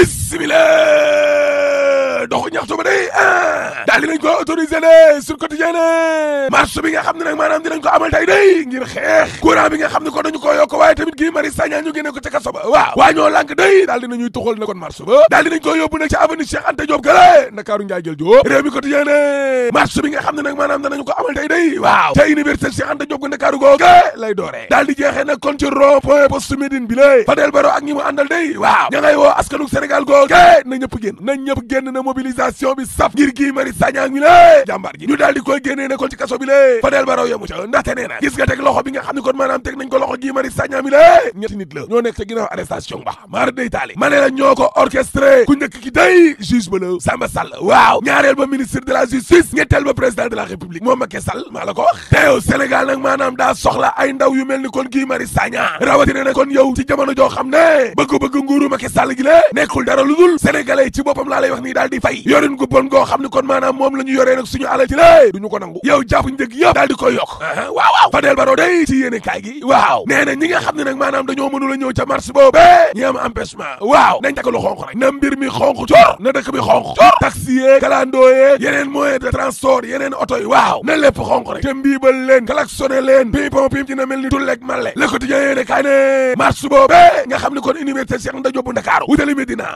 bismillah doxu ñaxtu ba day a ah. daal dinañ ko autorisé ne sur quotidien ne marche bi nga xam ne nag maanaam dinañ ko amal tey day ngir xeex courant bi nga xam ne ko dañu ko yokk waaye tamit gii mari sagna ñu génne ko ca kaso ba waaw waa ñoo lànk day daal dinañuy tuxal na kon marche ba daal dinañ ko yóbbu nag ci avenue Cheikh Anta Diop gale Ndakaaru njaay jël Diop réew mi quotidien ne marche bi nga xam ne nag maanaam danañu ko amal tey day waaw ca université Cheikh Anta Diop gu Ndakaaru googe lay dooree daal di jeexee nag kon ci rond point poste Médine bi lay Fadel Baro ak ñi mu àndal day waaw ña ngay woo askanu Sénégal googe na ñëpp génn na ñëpp génn na mobilisation bi saf ngir Guy Marius Sagna mi la jàmbaar ji ñu daal di koy génnee ne ko ci kaso bi la Fadel Barro yemu ca ndaxte nee na gis nga teg loxo bi nga xam ne kon maanaam teg nañ ko loxo Guy Marius Sagna mi la ñetti nit la ñoo nekk ca ginnaaw arrestation ba maar day taali ma ne ñoo ko orchestré ku njëkk ki day juge ba la Samba Sall waaw ñaareel ba ministre de la justice ñetteel ba président de la république moom Macky Sall maa la ko wax bay yorin gu bon goo xam ne kon maanaam moom la ñu yoree nag suñu alal ci lée du ñu ko nangu yow jàpp njëg yëpp daal di koy yokk waaw waaw Fadel Barro day ci yéene kaay gi waaw nee na ñi nga xam ne nag maanaam dañoo mënul a ñëw ca marché boobu ñi am waaw nañ takalu xonq rek na mbir mi xonq cor na dëkk bi xonq cor taxi yee kalandoo yee yeneen moyen de transport yeneen oto yi waaw na lépp xonq rek te mbiibal leen klaxonné leen pimpon pim ci na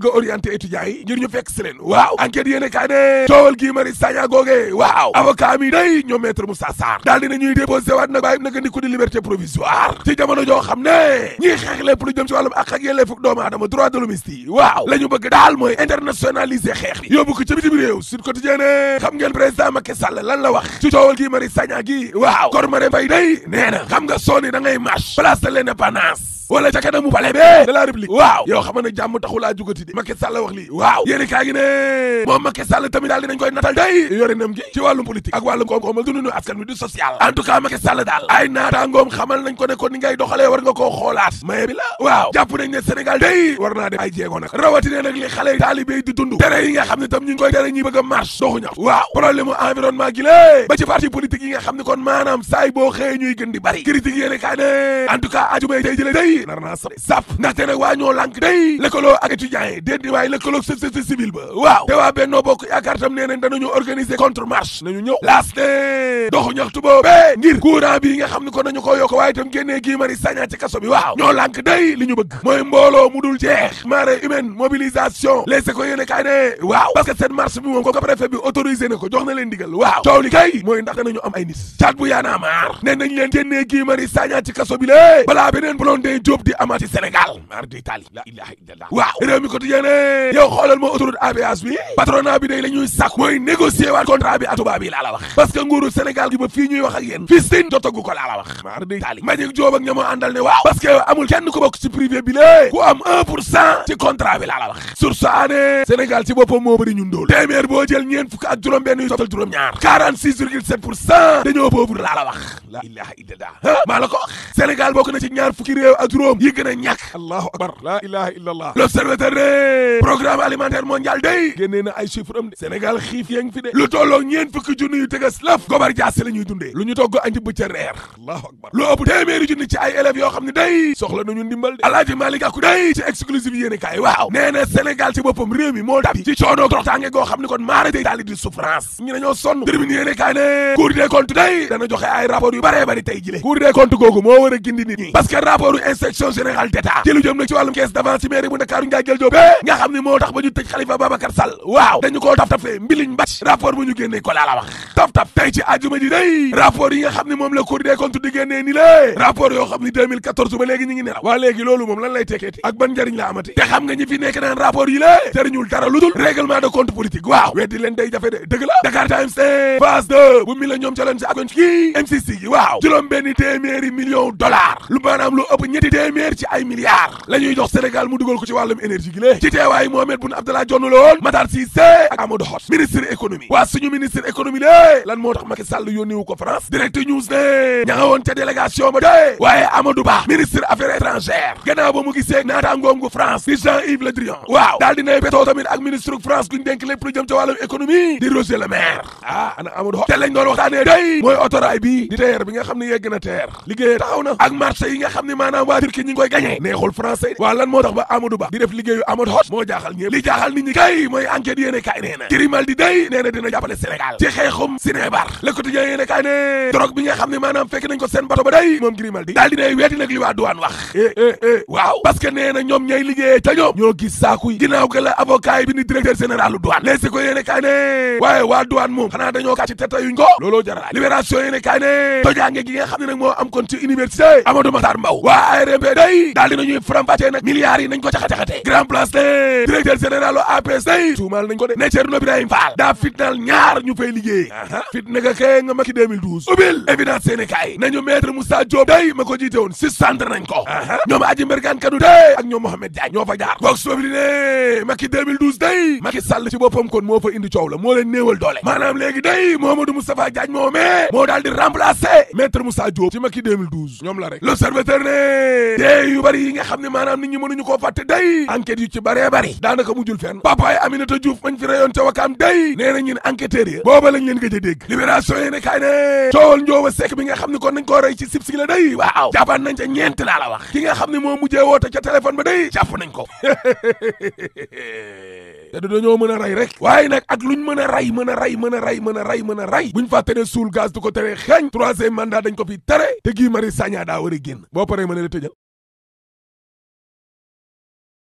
a orienté te étudiants yi ngir ñu fekk si leen waaw enquête yéene kaay ne coowal Guy Marius Sagna googe waaw avocat mi day ñoom maître Moussa Sarr daal dina ñuy déposé waat nag waaye naka ni ko di liberté provisoire ci jamono joo xam ne ñiy xeex lépp lu jëm ci wàllum ak ak yelleefu doomu aadama droit de l'hommiste yi waaw la ñu bëgg daal mooy internationaliser xeex bi yóbbu ko ci bitim réew Sud Quotidien xam ngeen président Macky Sall lan la wax ci coowal Guy Marius Sagna gi waaw Kor ma Faye day nee na xam nga sooni da ngay marche place de wala ca kanamu palais bi de la république waaw yow xam na jàmm taxulaa jugati de Macky Sall wax lii waaw yéeni kaa gi ne moom Macky Sall tamit daal dinañ koy natal day yore nam gi ci wàllum politique ak wàllum koom-koomal dundunu askan wi du social en tout daal ay naataangoom xamal nañ ko ne ko ni ngay doxalee war nga maye bi waaw jàpp nañ ne Sénégal day war naa def ay jéego nag rawatina nag li xale taalibe di dund tere yi nga xam a marche ne kon maanaam saay boo xëye ñuy tout cas gi nar naa sax saf ndaxte nag waa ñoo lànk day lëkkaloo ak étudiants yi déet di waaye lëkkaloo société ba waaw te waa Benno Bokk Yaakaar tam nee nañ danañu organiser contre marche nañu ñëw laas de doxu ñaxtu boobu ngir courant bi nga xam ne ko nañu ko yokk waaye itam génnee gii mari sañaa ci kaso bi waaw ñoo lànk day li ñu bëgg mooy mbooloo mu dul jeex marée humaine mobilisation les ko yéene kaay ne waaw parce que marche bi moom ko ko préfet bi autorisé na ko jox na Diop di amaat ci Sénégal mar waaw réew mi quotidien ne yow xoolal moo autoroute à péage bi bi day la ñuy sàkk mooy négocier waat contrat bi atuba bi laa Sénégal gi ba fii ñuy wax ak yéen fii sin jotagu ko laa la wax mar di ne waaw parce amul kenn ku bokk ci privé bi ku am un pour cent ci contrat bi laa ne Sénégal ci boppam moo bëri ñun dool téeméer boo jël ñeen fukk ak juróom benn yu total ñaar 46 virgule 7 pour cent dañoo pauvre laa la wax la ilaha illallah juróom yi gën a ñàkk allahu akbar laa ilaha illa allah l'observateur de programme alimentaire mondial day génnee na ay chiffre am de sénégal xiif yaa ngi fi de lu tolloo ñeen fukki junni yu tëgas laf gobar jaase ñuy dundee lu ñu togg añti bu ca reer lu ëpp téeméeri junni ci ay élèves yoo xam ne day soxla nañu ndimbal de alaaji Malick day ci exclusive yéene kaay waaw nee sénégal ci boppam réew mi moo dabi ci coono toroxtaange goo xam ne kon maara day daali di souffrance ñu ne cour des a section générale d'état ci lu jëm ci wàllum caisse d'avance ci mairie bu Ndakaaru Ndiaye Gueye Diop nga xam ni moo tax ba ñu tëj Khalifa Babacar Sall waaw dañu koo taf tafee mbiliñ mbàcc rapport bu ñu génnee ko laa la wax taf taf tey ci àjjuma ji day rapport yi nga xam ne moom la Cour des comptes di génnee ni lée rapport yoo xam ni 2014 ba léegi ñu nelaw waa léegi loolu moom lan lay tekkeeti ak ban njëriñ la amati te xam nga ñi fi nekk naan rapport yi ñetti téeméer ci ay milliards la ñuy jox Sénégal mu dugal ko ci wàllum énergie gi lée ci teewaayu Mohamed Boun Abdallah Dionne la woon Matar Cissé ak Amadou Hott ministre économie waa suñu ministre économie lée lan moo tax Macky Sall yónni wu ko France direct news ne ña ca délégation ba dee waaye Amadou Ba ministre affaires étrangères gannaaw ba mu gisee naataangoom gu France di Jean-Yves Le Drian waaw daal dinay betoo tamit ak ministre France guñ denk lépp lu jëm ca wàllum Turquie ñi koy gagné neexul français waaw lan moo tax ba Amadou Ba di liggéeyu Amad Hot moo jaaxal ñëpp li jaaxal nit ñi kay mooy enquête yéene kaay nee na bi nga xam ne maanaam fekk nañ ko seen bato ba day moom Grimaldi daal dinay weeti nag li waa duwaan wax eh eh eh waaw parce que nee na ñoom ca ñoom ñoo gis saakuy ginnaaw ga la avocat yi bi ni directeur général lu duwaan Les Échos yéene kaay waaye waa duwaan moom xanaa dañoo kàcc teta yuñ ko looloo ARMP day daal dinañuy faram-fàccee nag milliards nañ ko caxa-caxatee grand place de directeur général u day tuumaal nañ ko de ne Thierno Birahim Fall daa fitnaal ñaar ñu fay liggéey aa fit naka kay nga makki 2012 ubbil évidence Sénégal nañu maître Moussa Diop day ma ko jiite woon si centre nañ ko ñoom aji mbergaan kadu day ak ñoom Mohamed Diagne ñoo fa jaar Vox moo fa indi coow la moo leen néewal doole maanaam léegi day moo daal di remplacer maître Moussa dee yu yi nga xam ne maanaam nit ñi mënuñu koo fàtte day enquête yu ci bëree bëri daanaka mujjul fenn papaay Aminata Diouf mañ fi rayoon ca wakaam day nee na ñun enquêteurs yi booba lañ leen gëj a ne kaay ne coowal njooba sekk bi nga xam ne kon nañ koo rey ci sib si la day waaw jàppaat nañ ca ñeent laa wax ki nga xam ne moo mujjee woote ca téléphone ba day jàpp nañ ko te dañoo mën a rey rek waaye nag ak luñ mën a rey mën a rey mën a rey mën a ray mën a rey buñ fàtte ne suul gaz du ko tere xeeñ troisième mandat dañ ko fi tere te Guy Marius Sagna daa war a génn boo paree mën a la tëjal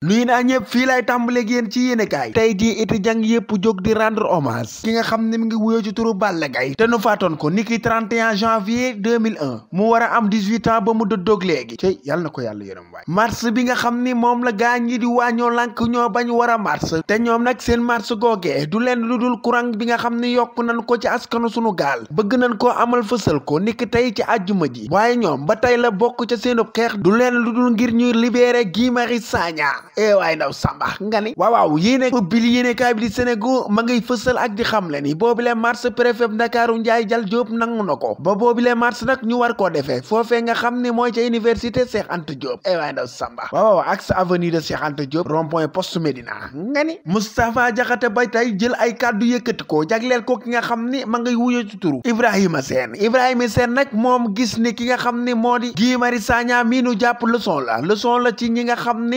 nuyu naa ñëpp fii laay tàmbaleeg yéen ci yéenekaay tey jii étudiant yëpp jóg di rendre hommage ki nga xam ne mi ngi wuyoo ci turu Balla Gaye te nu faatoon ko niki 31 janvier 2001 mu war a am 18 ans ba mu dëddoog léegi cey na ko yàlla yërëm waay mars bi nga xam ni moom la gaañ yi di waañoo lànk ñoo bañ war a mars te ñoom nag seen mars googee du leen lu dul courant bi nga xam ni yokk nañ ko ci askanu sunu gaal bëgg nañ koo amal fësal ko niki tey ci àjjuma ji waaye ñoom ba tey la bokk ca seenub xeex du leen lu dul ngir ñuy libéré Guy Marius Sagna eh waaye ndaw samba nga ni waaw waaw yéene ubbil yéene kaay bi di Sénégal ma ngay fësal ak di xam le ni boobu le mars préfet Ndakaaru Ndiaye Jal Diop nangu na ko ba boobu le mars nag ñu war koo defee foofee nga xam ne mooy ca université Cheikh Anta Diop eh waaye ndaw samba waaw waaw axe avenue de Cheikh Anta Diop rond point poste Médina nga ni Moustapha Diakhaté ba tey jël ay kàddu yëkkati ko jagleel ko ki nga xam ni ma ngay wuyo ci turu Ibrahima Sène Ibrahima seen nag moom gis ni ki nga xam ni moo di Guy Marius Sagna mii nu jàpp la leçon la ci ñi nga xam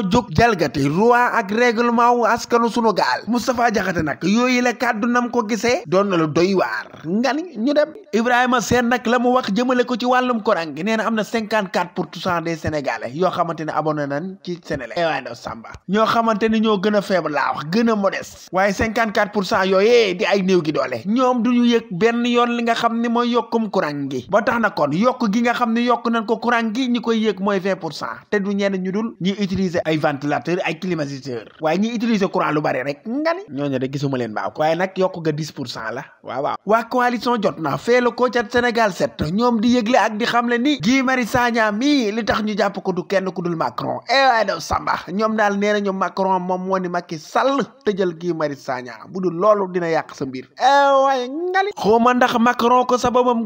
dañoo jóg jalgati loi ak règlement wu askanu sunu gaal Moustapha Diakhaté nag yooyu la kàddu nam ko gisee doon na lu doy waar nga ñu dem Ibrahima Sène nag la mu wax jëmale ko ci wàllum courant gi nee am na cinquante quatre pour cent des sénégalais yoo xamante ne abonné nañ ci Sénélec eh waaye ndaw Samba ñoo xamante ñoo gën a faible laa wax gën a modeste waaye cinquante quatre pour cent yooyee di ay néew gi doole ñoom du ñu yëg benn yoon li nga xam ni mooy yokkum courant gi ba gi nga xam ne yokk nañ ko courant gi ñi koy ay ventilateur ay climatiseur waaye ñuy utiliser courant lu bari rek nga ni ñooñu de gisuma leen baaw waaye nag yokk nga 10 pour cent la waaw waaw waa coalition jot na feelu ko ca Sénégal set ñoom di yëgle ak di xamle ni Guy Marius Sagna mii li tax ñu jàpp ko du kenn ku dul Macron eh waaye daw samba ñoom daal nee nañu Macron moom moo ni Macky Sall tëjal Guy Marius bu dul loolu dina yàq sa mbir eh waaye nga ni ndax Macron ko sababam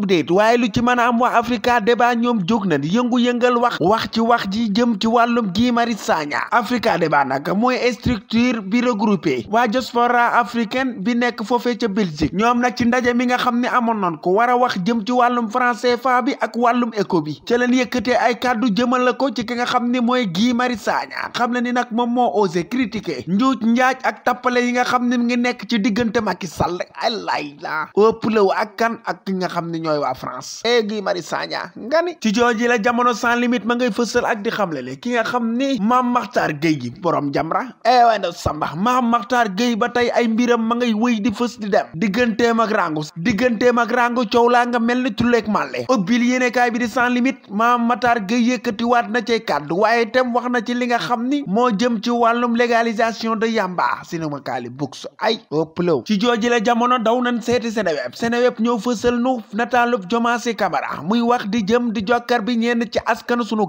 a Kenya Africada ba nag mooy structure bi regroupé waa diaspora africaine bi nekk foofee ca Belgique ñoom nag ci ndaje mi nga xam ne amoon noon ko war a wax jëm ci wàllum franc CFA bi ak wàllum éco bi ca leen yëkkatee ay kàddu la ko ci ki nga xam ne mooy Guy Marius Sagna xam na ni nag moom moo osé critiquer njuuj njaaj ak tappale yi nga xam ne mi ngi nekk ci diggante Macky Sall alay lay ëpp la ak kan ak ki nga xam ne ñooy waa France e Guy Marius Sagna nga Makhtar Gueye gi borom Jamra eewee eh na Samba maam Makhtar Gueye ba tey ay mbiram ma ngay wëy di fës di dem digganteem ak rangu digganteem ak rangu coow laa nga mel ni tulleeg màlle ubbil yéenekaay bi di sans limite maam Makhtar Gueye waat na cay kàddu waaye itam wax na ci li nga xam ni moo jëm ci wàllum légalisation de si yamba sinema kaali books ay ëpplew ci jooji la jamono daw nañ seeti Seneweb Seneweb ñëw fësal nu nataalub Diomaye Camara muy wax di jëm di jokkar bi ñenn ci askanu sunu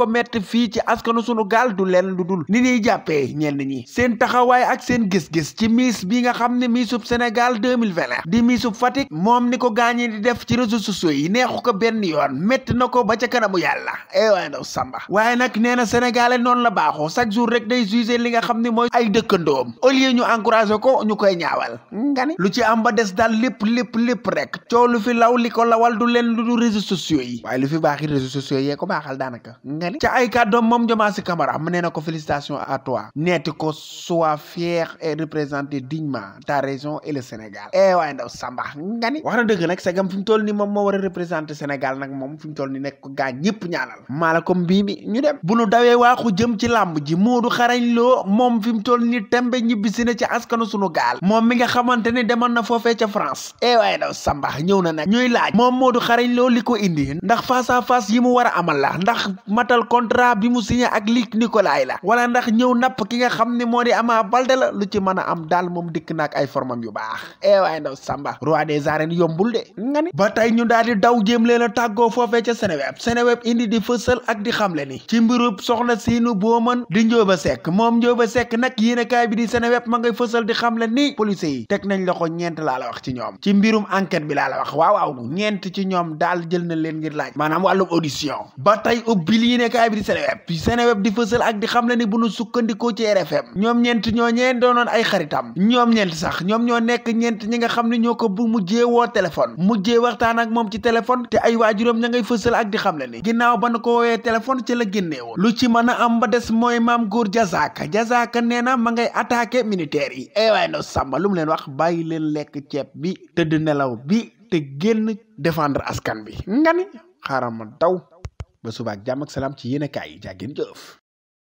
ko metti fii ci askanu sunu gaal du leen lu dul ni ñuy jàppee ñenn ñi seen taxawaay ak seen gis-gis ci miss bi nga xam ne missub Sénégal mille 2020 di missub Fatick moom ni ko gaañi di def ci réseaux sociaux yi neexu ko benn yoon métti na ko ba ca kanamu yàlla eh waaye ndaw Samba waaye nag nee na sénégalais noonu la baaxoo chaque jour rek day jugé li nga xam ne mooy ay dëkkandoom au ñu encouragé ko ñu koy ñaawal nga ni lu ci am ba des daal lépp lépp lépp rek coow lu fi law ko lawal du leen lu du réseaux sociaux lu fi baaxi réseaux yee ko baaxal daanaka ngeli ca ay kàddoom moom Diomassy Camara mu nee na ko félicitations à neeti ko sois fier et représenter dignement ta région et le Sénégal eh waaye ndaw Samba nga ni wax na dëgg nag segam fi mu toll ni moom moo war a représenter Sénégal nag moom fi mu toll ni nekk ko gaa ñëpp ñaanal maa la comme bii mi ñu dem bu nu dawee waaxu jëm ci làmb ji Moodu Xarañ Loo moom fi mu toll ni tembe ñibbisi na ci askanu sunu gaal moom mi nga xamante ni demoon na foofee ca France eh ñëw na nag ñuy laaj moom Moodu Xarañ li ko indi ndax face à la ndax nottal contrat bi mu signé ak Luc Nicolaï la wala ndax ñëw napp ki nga xam ne moo di Ama Baldé la lu ci mën a am daal moom dikk naak ay formam yu baax eh waaye ndaw Samba roi des arènes yombul de nga ni ba tey ñu daal di daw jéem leen a tàggoo foofee ca Seneweb Seneweb indi di fësal ak di xamle ni ci mbirub soxna siinu boo mën di Njóoba Sekk moom Njóoba Sekk nag yéenekaay bi di Seneweb ma ngay fësal di xamle ni police yi teg nañ loxo ñeent laa la wax ci ñoom ci mbirum enquête bi laa la wax waaw ñeent ci ñoom daal jël na leen ngir laaj maanaam wàllum audition yéenekaay bi di Seneweb Seneweb di fësal ak di xamle ni bu nu sukkandikoo ci RFM ñoom ñeent ñooñee doonoon ay xaritam ñoom ñeent sax ñoom ñoo nekk ñeent ñi nga xam ne ñoo ko bu mujjee woo téléphone mujjee waxtaan ak moom ci téléphone te ay waajuram ña ngay fësal ak di xamle ni ginnaaw ba nu ko woowee téléphone ci la génneewoon lu ci mën a am ba des mooy maam góor Jazaaka Jazaaka nee na ma ngay attaqué militaires yi eh waaye no sàmba lu mu leen wax bàyyi leen lekk ceeb bi tëdd nelaw bi te génn défendre askan bi nga ni xaaral ba subaak jàmm ak salaam ci yéenekaay yi jàggeen jëf